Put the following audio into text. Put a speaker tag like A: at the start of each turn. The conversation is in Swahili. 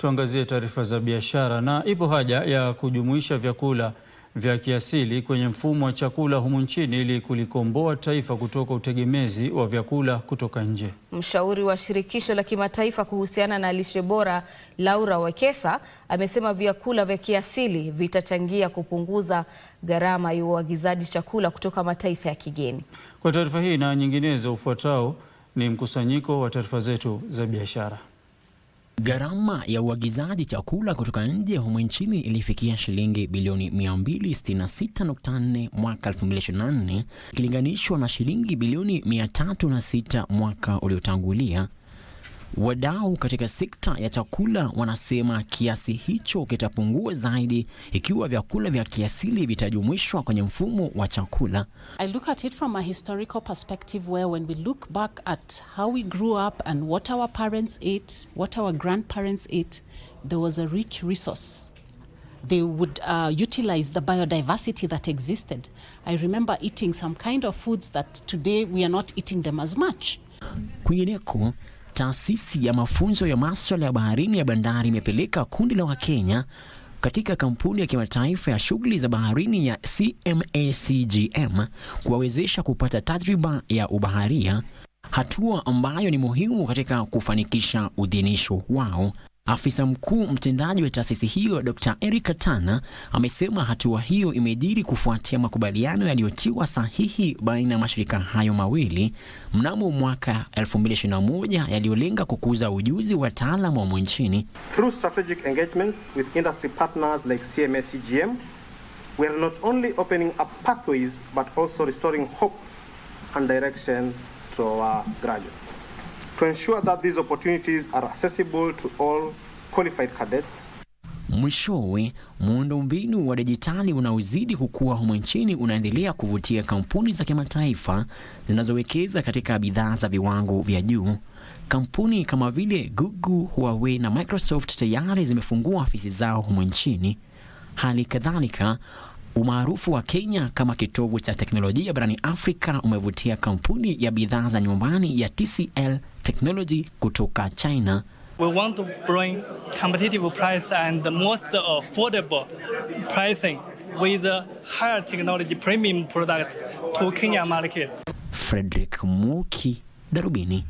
A: Tuangazie taarifa za biashara. Na ipo haja ya kujumuisha vyakula vya kiasili kwenye mfumo wa chakula humu nchini ili kulikomboa taifa kutoka utegemezi wa vyakula kutoka nje.
B: Mshauri wa Shirikisho la Kimataifa kuhusiana na lishe bora, Laura Wekesa, amesema vyakula vya kiasili vitachangia kupunguza gharama ya uagizaji chakula kutoka mataifa ya kigeni.
A: Kwa taarifa hii na nyinginezo, ufuatao ni mkusanyiko wa taarifa zetu za biashara.
C: Gharama ya uagizaji chakula kutoka nje humu nchini ilifikia shilingi bilioni 266.4 mwaka 2024 ikilinganishwa na shilingi bilioni 306 mwaka uliotangulia, Wadau katika sekta ya chakula wanasema kiasi hicho kitapungua zaidi ikiwa vyakula vya kiasili vitajumuishwa kwenye mfumo wa chakula.
D: I look at it from a historical perspective where when we look back at how we grew up and what our parents ate, what our grandparents ate, there was a rich resource they would uh, utilize the biodiversity that existed. I remember eating some kind of foods that today we are not eating them as much.
C: Kwingineko taasisi ya mafunzo ya maswala ya baharini ya bandari imepeleka kundi la Wakenya katika kampuni ya kimataifa ya shughuli za baharini ya CMACGM kuwawezesha kupata tajriba ya ubaharia, hatua ambayo ni muhimu katika kufanikisha udhinisho wao Afisa mkuu mtendaji wa taasisi hiyo Dr. Eric Tana amesema hatua hiyo imejiri kufuatia makubaliano yaliyotiwa sahihi baina ya mashirika hayo mawili mnamo mwaka 2021 yaliyolenga kukuza ujuzi wa taalamu wa nchini.
E: Through strategic engagements with industry partners like CMS CGM, we are not only opening up pathways but also restoring hope and direction to our graduates to ensure that these opportunities are accessible to all qualified cadets.
C: Mwishowe, muundombinu wa dijitali unaozidi kukua humo nchini unaendelea kuvutia kampuni za kimataifa zinazowekeza katika bidhaa za viwango vya juu. Kampuni kama vile Google, Huawei na Microsoft tayari zimefungua ofisi zao humo nchini. Hali kadhalika, umaarufu wa Kenya kama kitovu cha teknolojia barani Afrika umevutia kampuni ya bidhaa za nyumbani ya TCL Technology kutoka China.
F: We want to bring competitive price and the most affordable pricing with higher technology premium products to Kenya market.
C: Frederick Muki, Darubini.